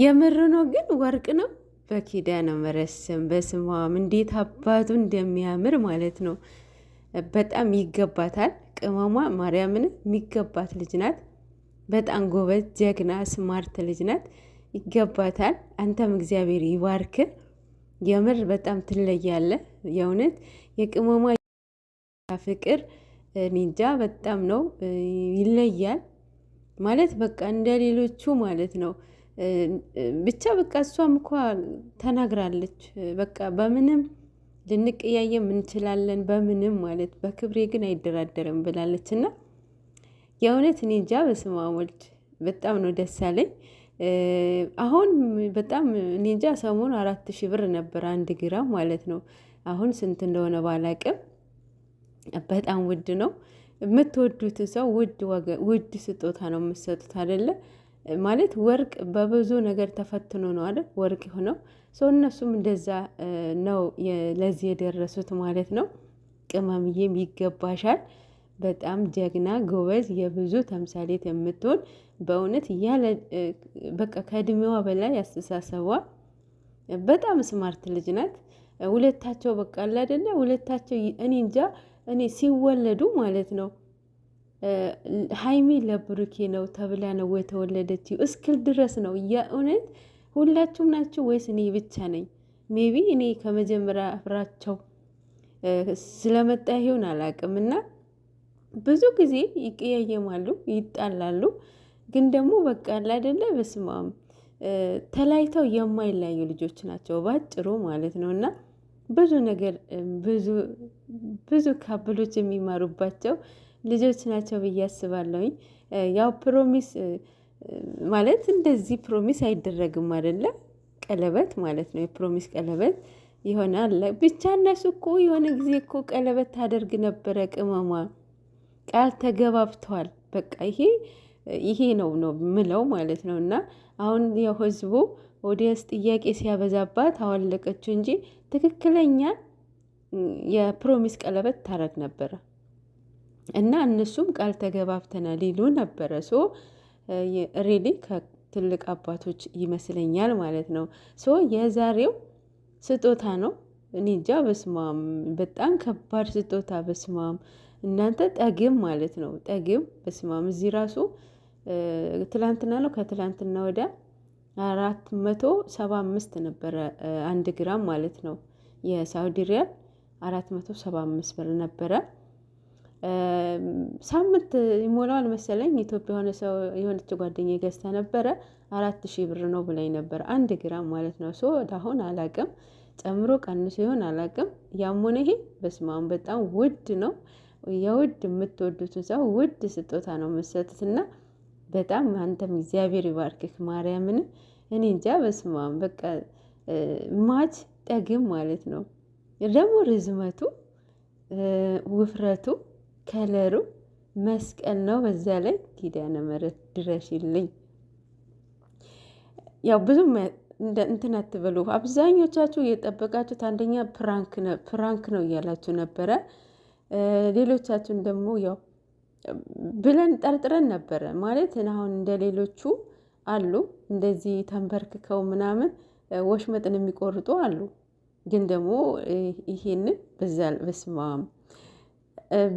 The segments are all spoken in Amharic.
የምር ነው ግን ወርቅ ነው። በኪዳነ ምህረት ስም እንዴት አባቱ እንደሚያምር ማለት ነው። በጣም ይገባታል። ቅመሟ ማርያምን የሚገባት ልጅ ናት። በጣም ጎበዝ፣ ጀግና፣ ስማርት ልጅ ናት። ይገባታል። አንተም እግዚአብሔር ይባርክ። የምር በጣም ትለያለ። የእውነት የቅመሟ ፍቅር ኒንጃ በጣም ነው ይለያል። ማለት በቃ እንደ ሌሎቹ ማለት ነው ብቻ በቃ እሷም እኳ ተናግራለች። በቃ በምንም ልንቀያየም እንችላለን፣ በምንም ማለት በክብሬ ግን አይደራደርም ብላለች። እና የእውነት እኔ እንጃ በስመ አብ ወልድ በጣም ነው ደስ ያለኝ። አሁን በጣም እኔ እንጃ ሰሞኑ አራት ሺህ ብር ነበር አንድ ግራም ማለት ነው። አሁን ስንት እንደሆነ ባላቅም በጣም ውድ ነው። የምትወዱትን ሰው ውድ ስጦታ ነው የምትሰጡት አይደለ? ማለት ወርቅ በብዙ ነገር ተፈትኖ ነው አይደል ወርቅ የሆነው ሰው። እነሱም እንደዛ ነው ለዚህ የደረሱት ማለት ነው። ቅመምዬም ይገባሻል። በጣም ጀግና ጎበዝ፣ የብዙ ተምሳሌት የምትሆን በእውነት ያለ በቃ ከእድሜዋ በላይ አስተሳሰቧ በጣም ስማርት ልጅ ናት። ሁለታቸው በቃ አለ አይደለ ሁለታቸው እኔ እንጃ እኔ ሲወለዱ ማለት ነው ሀይሚ ለብሩኬ ነው ተብላ ነው የተወለደችው እስክል ድረስ ነው። የእውነት ሁላችሁም ናችሁ ወይስ እኔ ብቻ ነኝ? ሜቢ እኔ ከመጀመሪያ አፍራቸው ስለመጣ ይሆን አላቅም። እና ብዙ ጊዜ ይቀያየማሉ፣ ይጣላሉ። ግን ደግሞ በቃ አይደለ በስማም ተለያይተው የማይለያዩ ልጆች ናቸው ባጭሩ ማለት ነው። እና ብዙ ነገር ብዙ ካብሎች የሚማሩባቸው ልጆች ናቸው ብዬ አስባለሁኝ። ያው ፕሮሚስ ማለት እንደዚህ ፕሮሚስ አይደረግም አይደለም ቀለበት ማለት ነው። የፕሮሚስ ቀለበት የሆነ አለ ብቻ እነሱ እኮ የሆነ ጊዜ እኮ ቀለበት ታደርግ ነበረ ቅመሟ ቃል ተገባብተዋል። በቃ ይሄ ይሄ ነው ነው ምለው ማለት ነው። እና አሁን ያው ህዝቡ ኦዲየንስ ጥያቄ ሲያበዛባት አዋለቀችው እንጂ ትክክለኛ የፕሮሚስ ቀለበት ታረግ ነበረ። እና እነሱም ቃል ተገባብተናል ይሉ ነበረ። ሶ ሪሊ ከትልቅ አባቶች ይመስለኛል ማለት ነው። ሶ የዛሬው ስጦታ ነው። እኔ እንጃ በስማም፣ በጣም ከባድ ስጦታ በስማም። እናንተ ጠግም ማለት ነው፣ ጠግም በስማም። እዚህ ራሱ ትላንትና ነው ከትላንትና ወደ አራት መቶ ሰባ አምስት ነበረ አንድ ግራም ማለት ነው የሳውዲ ሪያል አራት መቶ ሰባ አምስት ብር ነበረ። ሳምንት ይሞላዋል መሰለኝ ኢትዮጵያ የሆነ ሰው የሆነች ጓደኛ ገዝታ ነበረ። አራት ሺህ ብር ነው ብላኝ ነበር አንድ ግራም ማለት ነው። ሶ አሁን አላቅም ጨምሮ ቀንሶ ይሆን አላቅም። ያም ሆነ ይሄ በስመ አብ በጣም ውድ ነው። የውድ የምትወዱትን ሰው ውድ ስጦታ ነው የምትሰጡት እና በጣም አንተም እግዚአብሔር ይባርክህ ማርያምን። እኔ እንጃ በስመ አብ በቃ ማች ጠግም ማለት ነው። ደግሞ ርዝመቱ ውፍረቱ ከለሩ መስቀል ነው። በዛ ላይ ኪዳነ ምሕረት ድረሽልኝ። ያው ብዙም እንትን አትበሉ። አብዛኞቻችሁ የጠበቃችሁት አንደኛ ፕራንክ ነው እያላችሁ ነበረ። ሌሎቻችሁን ደግሞ ያው ብለን ጠርጥረን ነበረ ማለት አሁን እንደ ሌሎቹ አሉ እንደዚህ ተንበርክከው ምናምን ወሽመጥን የሚቆርጡ አሉ። ግን ደግሞ ይሄንን በዛ በስማም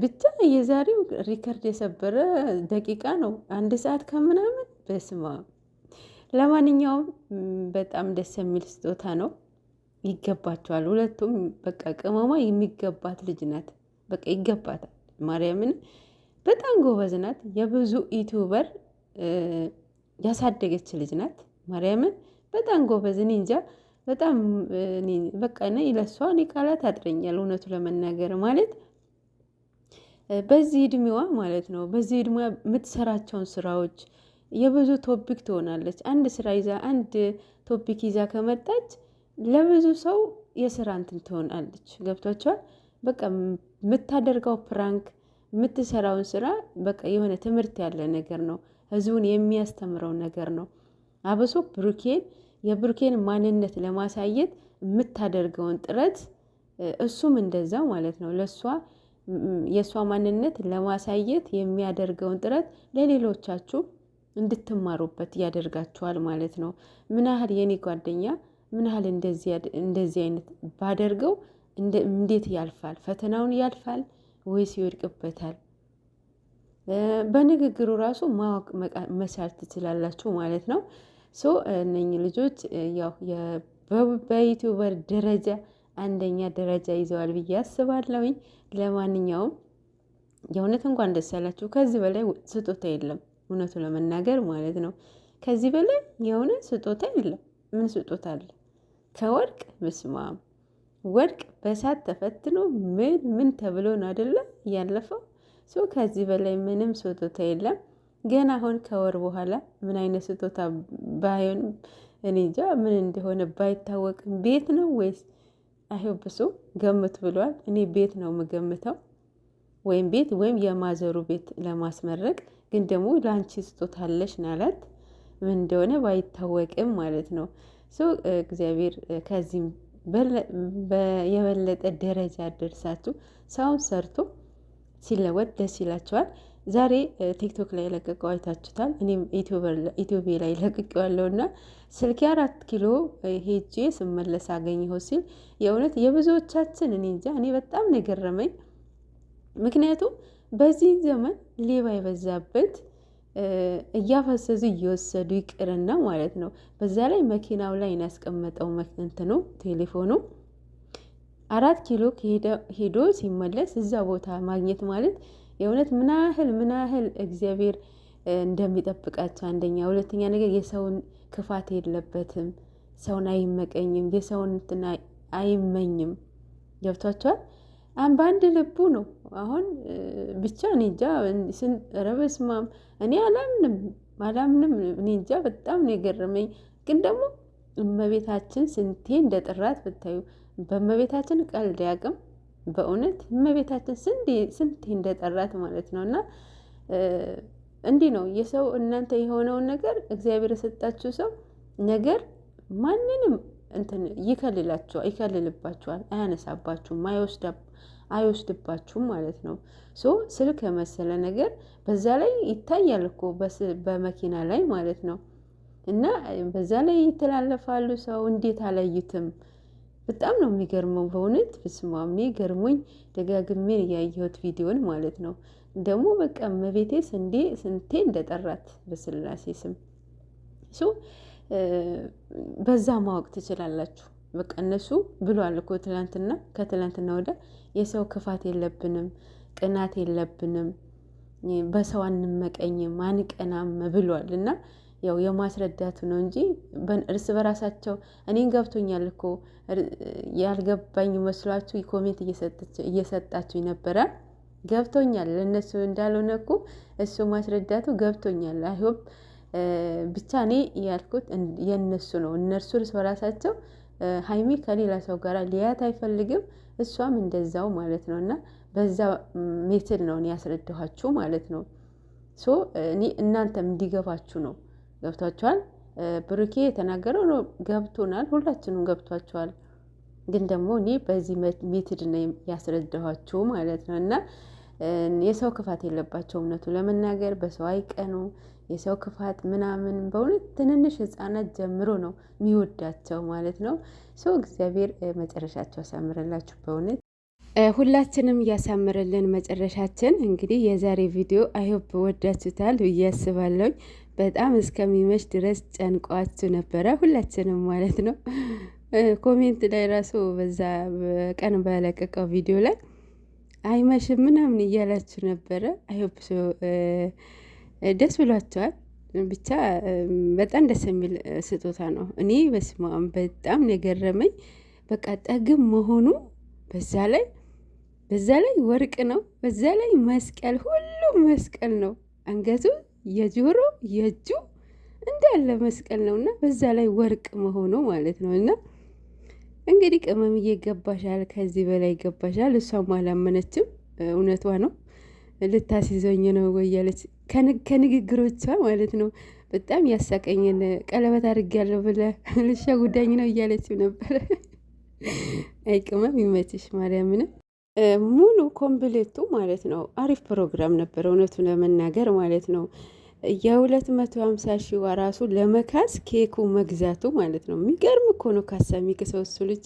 ብቻ የዛሬው ሪከርድ የሰበረ ደቂቃ ነው። አንድ ሰዓት ከምናምን በስማ ለማንኛውም በጣም ደስ የሚል ስጦታ ነው። ይገባቸዋል። ሁለቱም በቃ ቅመሟ የሚገባት ልጅ ናት። በቃ ይገባታል። ማርያምን በጣም ጎበዝ ናት። የብዙ ዩቲዩበር ያሳደገች ልጅ ናት። ማርያምን በጣም ጎበዝ። እኔ እንጃ በጣም በቃ ለሷ እኔ ቃላት ያጥረኛል እውነቱ ለመናገር ማለት በዚህ እድሜዋ ማለት ነው። በዚህ እድሜዋ የምትሰራቸውን ስራዎች የብዙ ቶፒክ ትሆናለች። አንድ ስራ ይዛ አንድ ቶፒክ ይዛ ከመጣች ለብዙ ሰው የስራ እንትን ትሆናለች። ገብቷቸዋል። በቃ የምታደርገው ፕራንክ የምትሰራውን ስራ በቃ የሆነ ትምህርት ያለ ነገር ነው። ህዝቡን የሚያስተምረው ነገር ነው። አብሶ ብሩኬን የብሩኬን ማንነት ለማሳየት የምታደርገውን ጥረት እሱም እንደዛው ማለት ነው ለእሷ የእሷ ማንነት ለማሳየት የሚያደርገውን ጥረት ለሌሎቻችሁ እንድትማሩበት ያደርጋችኋል ማለት ነው። ምን ያህል የኔ ጓደኛ ምን ያህል እንደዚህ አይነት ባደርገው እንዴት ያልፋል? ፈተናውን ያልፋል ወይስ ይወድቅበታል? በንግግሩ ራሱ ማወቅ መቻል ትችላላችሁ ማለት ነው። ሶ እነኝ ልጆች ያው በዩቲዩበር ደረጃ አንደኛ ደረጃ ይዘዋል ብዬ አስባለሁኝ። ለማንኛውም የእውነት እንኳን ደስ ያላችሁ። ከዚህ በላይ ስጦታ የለም፣ እውነቱ ለመናገር ማለት ነው። ከዚህ በላይ የሆነ ስጦታ የለም። ምን ስጦታ አለ ከወርቅ? በስማም ወርቅ በሳት ተፈትኖ ምን ምን ተብሎ አደለ ያለፈው ሶ ከዚህ በላይ ምንም ስጦታ የለም። ገና አሁን ከወር በኋላ ምን አይነት ስጦታ ባይሆን እኔ እንጃ ምን እንደሆነ ባይታወቅም ቤት ነው ወይስ አይው ብሱ ገምት ብሏል። እኔ ቤት ነው የምገምተው ወይም ቤት ወይም የማዘሩ ቤት ለማስመረቅ ግን ደግሞ ለአንቺ ስጦታለሽ ናላት ምን እንደሆነ ባይታወቅም ማለት ነው ሶ እግዚአብሔር ከዚህም የበለጠ ደረጃ ደርሳችሁ ሰውን ሰርቶ ሲለወጥ ደስ ይላቸዋል። ዛሬ ቲክቶክ ላይ ለቀቀው አይታችሁታል። እኔም ኢትዮቤ ላይ ለቅቄዋለሁ እና ስልኬ አራት ኪሎ ሄጄ ስመለስ አገኘሁ ሲል የእውነት የብዙዎቻችን እኔ እንጃ እኔ በጣም ነው የገረመኝ። ምክንያቱም በዚህ ዘመን ሌባ የበዛበት እያፈሰዙ እየወሰዱ ይቅርና ማለት ነው። በዛ ላይ መኪናው ላይ ያስቀመጠው እንትኑ ቴሌፎኑ አራት ኪሎ ሄዶ ሲመለስ እዛ ቦታ ማግኘት ማለት የእውነት ምናህል ምናህል እግዚአብሔር እንደሚጠብቃቸው አንደኛ፣ ሁለተኛ ነገር የሰውን ክፋት የለበትም። ሰውን አይመቀኝም፣ የሰውን እንትን አይመኝም። ገብቷቸዋል። በአንድ ልቡ ነው። አሁን ብቻ ኒንጃ ረበስማም እኔ አላምንም አላምንም ኒንጃ በጣም ነው የገረመኝ። ግን ደግሞ እመቤታችን ስንቴ እንደ ጥራት ብታዩ በእመቤታችን ቀልድ ያቅም በእውነት እመቤታችን ስንቴ እንደጠራት ማለት ነው። እና እንዲህ ነው የሰው እናንተ የሆነውን ነገር እግዚአብሔር የሰጣችሁ ሰው ነገር ማንንም እንትን ይከልላችኋል፣ ይከልልባችኋል፣ አያነሳባችሁም፣ አይወስድባችሁም ማለት ነው። ሶ ስልክ የመሰለ ነገር በዛ ላይ ይታያል እኮ በመኪና ላይ ማለት ነው። እና በዛ ላይ ይተላለፋሉ። ሰው እንዴት አላዩትም? በጣም ነው የሚገርመው በእውነት በስመ አብ ገርሞኝ ደጋግሜ ያየሁት ቪዲዮን ማለት ነው። ደግሞ በቃ መቤቴ ስንዴ ስንቴ እንደጠራት በስላሴ ስም ሱ በዛ ማወቅ ትችላላችሁ። በቃ እነሱ ብሏል እኮ ትላንትና፣ ከትላንትና ወደ የሰው ክፋት የለብንም፣ ቅናት የለብንም፣ በሰው አንመቀኝም፣ አንቀናም ብሏል እና ያው የማስረዳቱ ነው እንጂ እርስ በራሳቸው እኔን ገብቶኛል እኮ ያልገባኝ መስሏችሁ ኮሜንት እየሰጣችሁ ነበረ። ገብቶኛል ለእነሱ እንዳልሆነ እኮ እሱ ማስረዳቱ ገብቶኛል። አይሆም ብቻ እኔ ያልኩት የእነሱ ነው። እነርሱ እርስ በራሳቸው ሀይሚ ከሌላ ሰው ጋር ሊያት አይፈልግም፣ እሷም እንደዛው ማለት ነው። እና በዛ ሜትድ ነው እኔ ያስረዳኋችሁ ማለት ነው። ሶ እኔ እናንተም እንዲገባችሁ ነው። ገብቷቸዋል። ብሩኬ የተናገረው ነው ገብቶናል፣ ሁላችንም ገብቷቸዋል። ግን ደግሞ እኔ በዚህ ሜትድ ነው ያስረዳኋቸው ማለት ነው እና የሰው ክፋት የለባቸው። እምነቱ ለመናገር በሰው አይቀኑ። የሰው ክፋት ምናምን በእውነት ትንንሽ ሕጻናት ጀምሮ ነው የሚወዳቸው ማለት ነው። ሰው እግዚአብሔር መጨረሻቸው ያሳምርላችሁ በእውነት ሁላችንም እያሳምርልን መጨረሻችን። እንግዲህ የዛሬ ቪዲዮ አይሆፕ ወዳችሁታል ብዬ አስባለሁ። በጣም እስከሚመሽ ድረስ ጨንቋችሁ ነበረ፣ ሁላችንም ማለት ነው። ኮሜንት ላይ ራሱ በዛ ቀን በለቀቀው ቪዲዮ ላይ አይመሽ ምናምን እያላችሁ ነበረ። አይሆፕሶ ደስ ብሏቸዋል። ብቻ በጣም ደስ የሚል ስጦታ ነው። እኔ በስማም በጣም የገረመኝ በቃ ጠግም መሆኑ በዛ ላይ በዛ ላይ ወርቅ ነው፣ በዛ ላይ መስቀል፣ ሁሉም መስቀል ነው አንገቱ የጆሮ የእጁ እንዳለ መስቀል ነው እና በዛ ላይ ወርቅ መሆኑ ማለት ነው እና እንግዲህ ቅመም እየገባሻል፣ ከዚህ በላይ ገባሻል። እሷም አላመነችም። እውነቷ ነው። ልታስይዘኝ ነው ወያለች ከንግግሮቿ ማለት ነው። በጣም ያሳቀኝን ቀለበት አድርጌያለሁ ብለህ ጉዳኝ ነው እያለችው ነበረ። አይ ቅመም ይመችሽ፣ ማርያምን ሙሉ ኮምፕሌቱ ማለት ነው። አሪፍ ፕሮግራም ነበር እውነቱ ለመናገር ማለት ነው። የሁለት መቶ ሀምሳ ሺዋ ራሱ ለመካስ ኬኩ መግዛቱ ማለት ነው። የሚገርም እኮ ነው ካሳ የሚክሰው እሱ ልጅ።